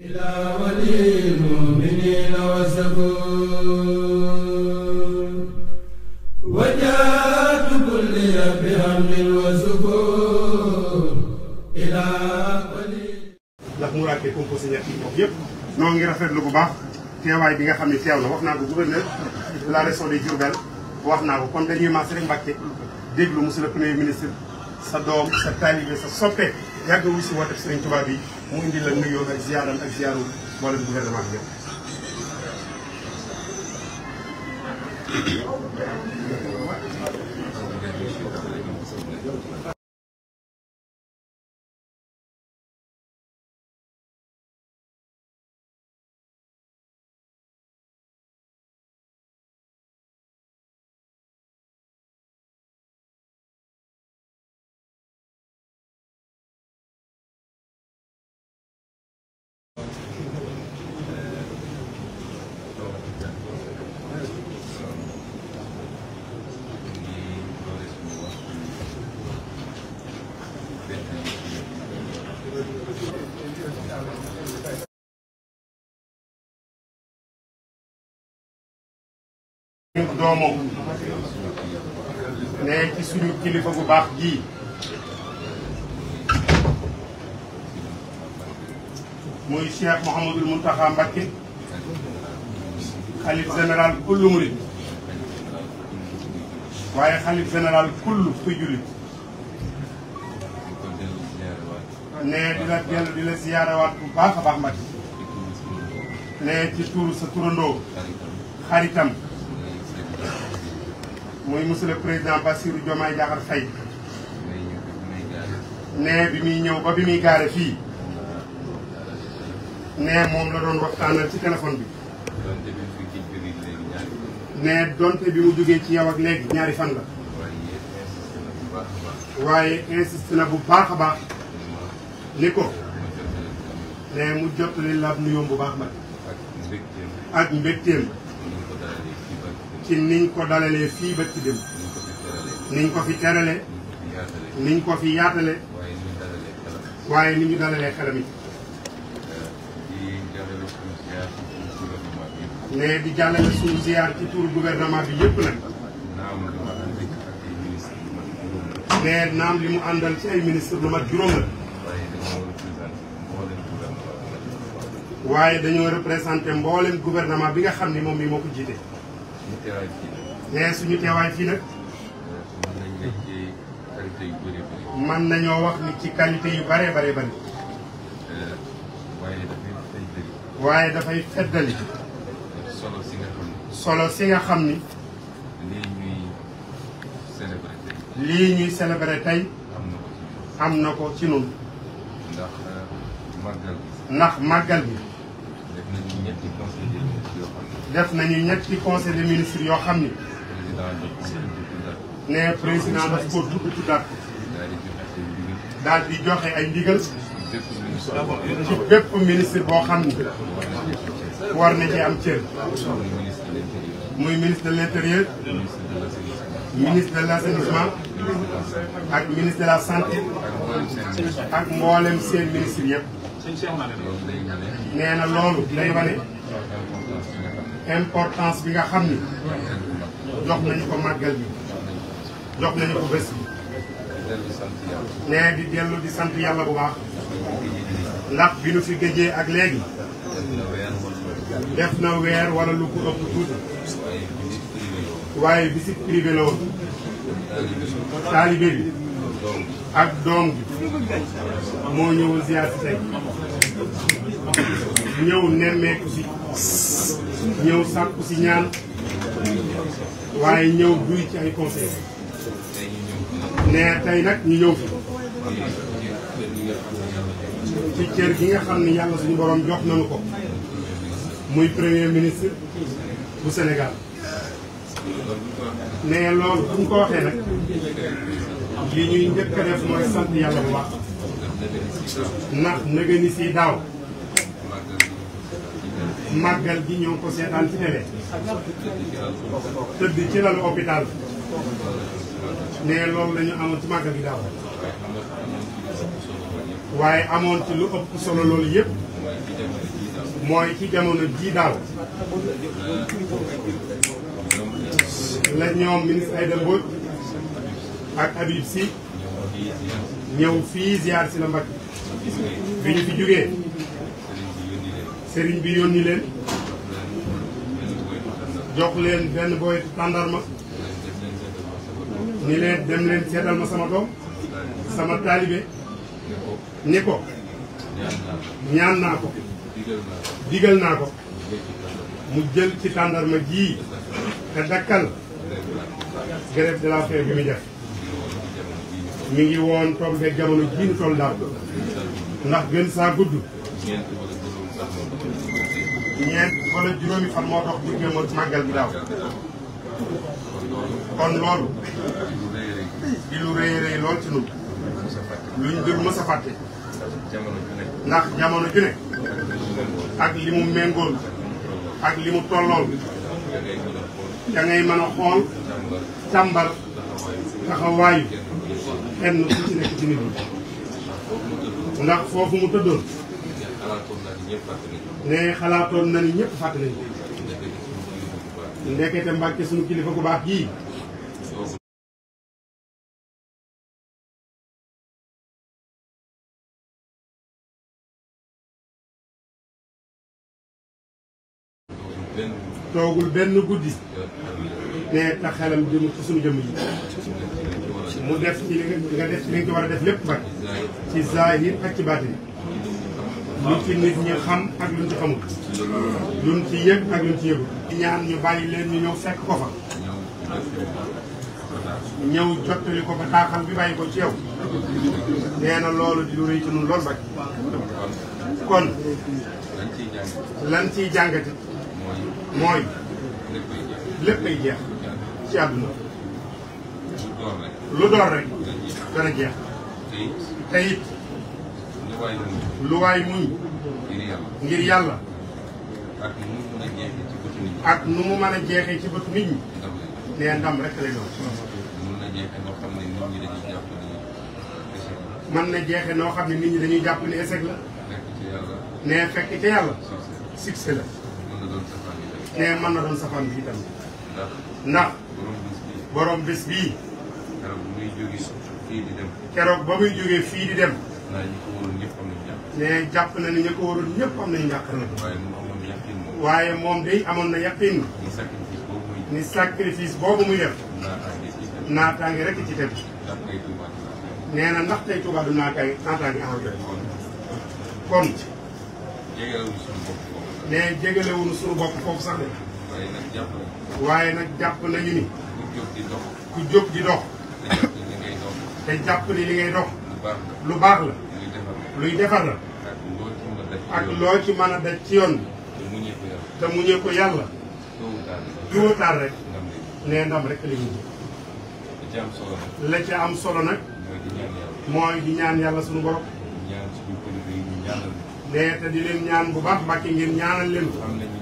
ndax mu ràkkee composé ñett yi yëpp noo ngi rafetlu bu baax teewaay bi nga xam ne teew na wax naa ko gouverneur de la de Diourbel wax naa ko kon dañuy maas rek Mbàkke déglu monsieur le premier ministre sa doom sa taalibe sa soppe yàgg wu si woote Serigne Touba bi mu indi la nuyoo ak ziyaaram ak ziyaaru mboolem gouvernement bi yëpp doomam ne ci suñu kilifa bu baax gii muy Cheikh Mouhamadul Mountakha Mbacké xalif général kullu murid waaye xalif général kullu kuy jullit ne di la dellu di la ziyaarawaat bu baax a baax Mbacké ne ci tuur sa turandoo xaritam muy monsieur président Bassirou Diomaye Diakhar say ne bi muy ñëw ba bi muy gaare fii ne moom la doon waxtaanal ci téléphone bi ne donte bi mu jógee ci yow ak léegi ñaari fan la waaye insiste na bu baax a baax ni ko ne mu jottali lab nu yomb bu baax ma ak mbégteem ci niñ ko dalalee fii ba ci niñ ko fi terale niñ ko fi yaatale waaye ni dalalee xelam yi ne di jàllale suñu ziar ci tur gouvernement bi yëpp nag ne naam li mu àndal ci ay ministre lu mat juróom la waaye dañoo représenté mboolem gouvernement bi nga xam ni moom mi moo ko jiite nee suñu teewaay fii nag. mën nañoo wax ni ci qualité yu bare bare bari. waaye dafay feddali. solo si nga xam ni. solo si nga xam ni. lii ñuy célébrer tey. lii ñuy célébrer tey. am na ko ci ñun. ndax màggal bi. ndax màggal bi. def nañu ñetti conseil des ministres yo xamni né président daf ko tudd tuddaat ko. dal di joxe ay ndigal. ci bépp ministre bo xamni war na ci am cër. muy ministre de l'intérieur ministre de l' ak ministre de la santé. ak mboolem seen ministre yépp nee na loolu day wane importance bi nga xam ni jox nañu ko màggal bi jox nañu ko bés bi nee di dellu di sant yàlla bu baax ndax bi nu fi géjee ak léegi def na weer wala lu ko ëpp tuuti waaye visite privée la woon bi ak doom gi moo ñëw ziar si tey ñëw nemmeeku si ñëw sàkku si ñaan waaye ñëw duy ci ay conseil ne tey nag ñu ñëw fi ci cër gi nga xam ne yàlla suñu borom jox nañu ko muy premier ministre bu Sénégal ne loolu bu ko waxee nag li ñuy njëkk a def mooy sant yàlla bu baax ndax si daaw màggal gi ñoo ko seetaan ci télé tëdd ci lalu hôpital ne loolu la ñu amoon ci màggal gi daaw waaye amoon ci lu ëpp solo loolu yëpp mooy ci jamono ji daaw la ministre Aïda ak Habib si ñëw fii ziar si la Mbacke bi ñu fi jógee sëriñ bi yónni leen jox leen benn booy tàndarma ni leen dem leen seetal ma sama doom sama taalibe ni ko ñaan naa ko digal naa ko mu jël ci tàndarma ji te dakkal grève de la faim bi mi ngi woon tombe jamono jii ñu toll daaw ndax gën saa gudd. ñeent wala juróomi fan moo tax bu jëmoon màggal gi daaw. kon loolu di lu rëy rëy lool ci ñun luñ dul mës a fàtte ndax jamono ju ne ak li mu méngool ak li mu tollool da ngay a xool càmbar taxawaayu kenn ku ci nekk ci nit ndax foofu mu tëddoon ne xalaatoon na ni ñëpp fàttali nañ ndekete mbàkke suñu kilifa gu baax gii benn guddi ne mu def ci li nga def li nga ci war a def lépp nag ci zahir ak ci baatin lu ci nit ñi xam ak luñ ci xamul luñ ci yëg ak luñ ci yëgul ñaan ñu bàyyi leen ñu ñëw fekk ko fa ñëw jottali ko ba taaxal bi bàyyi ko ci yow nee na loolu di lu rëy ci nun loolu ba kon lan ciy jàngate mooy léppay jeex ci àdduna lu door rek dana jeex te lu waay muñ ngir yàlla ak nu mu mën a jeexee ci bëtu nit ñi nee ndam rek lay doon mën na jeexe noo xam ne nit ñi dañuy jàpp ni échec la nee fekk ca yàlla nee mën na doon safaan itam ndax boroom bés bii. keroog ba muy jógee fii di dem. keroog jàpp. na ni ñu ko wóorul ñëpp am nañu njàqare la. waaye moom amoon na yaqin waaye moom day amoon na yaqin. ni sacrifice boobu muy def. ni sacrifice naataange rek ci tegu. nee na ndax tey Tuubaa du naataange naataange amal tey. kon. jégalewuñu suñu bopp foofu. foofu sax de. waaye nag jàpp nañu ni. ku jóg di dox ku di dox ni li ngay dox lu baax la luy defar la ak loo ci mën a ci yoon te muñee ko rek ndam rek la am solo nag mooy di ñaan yàlla suñu borom nee te di leen ñaan bu baax ngeen ñaanal leen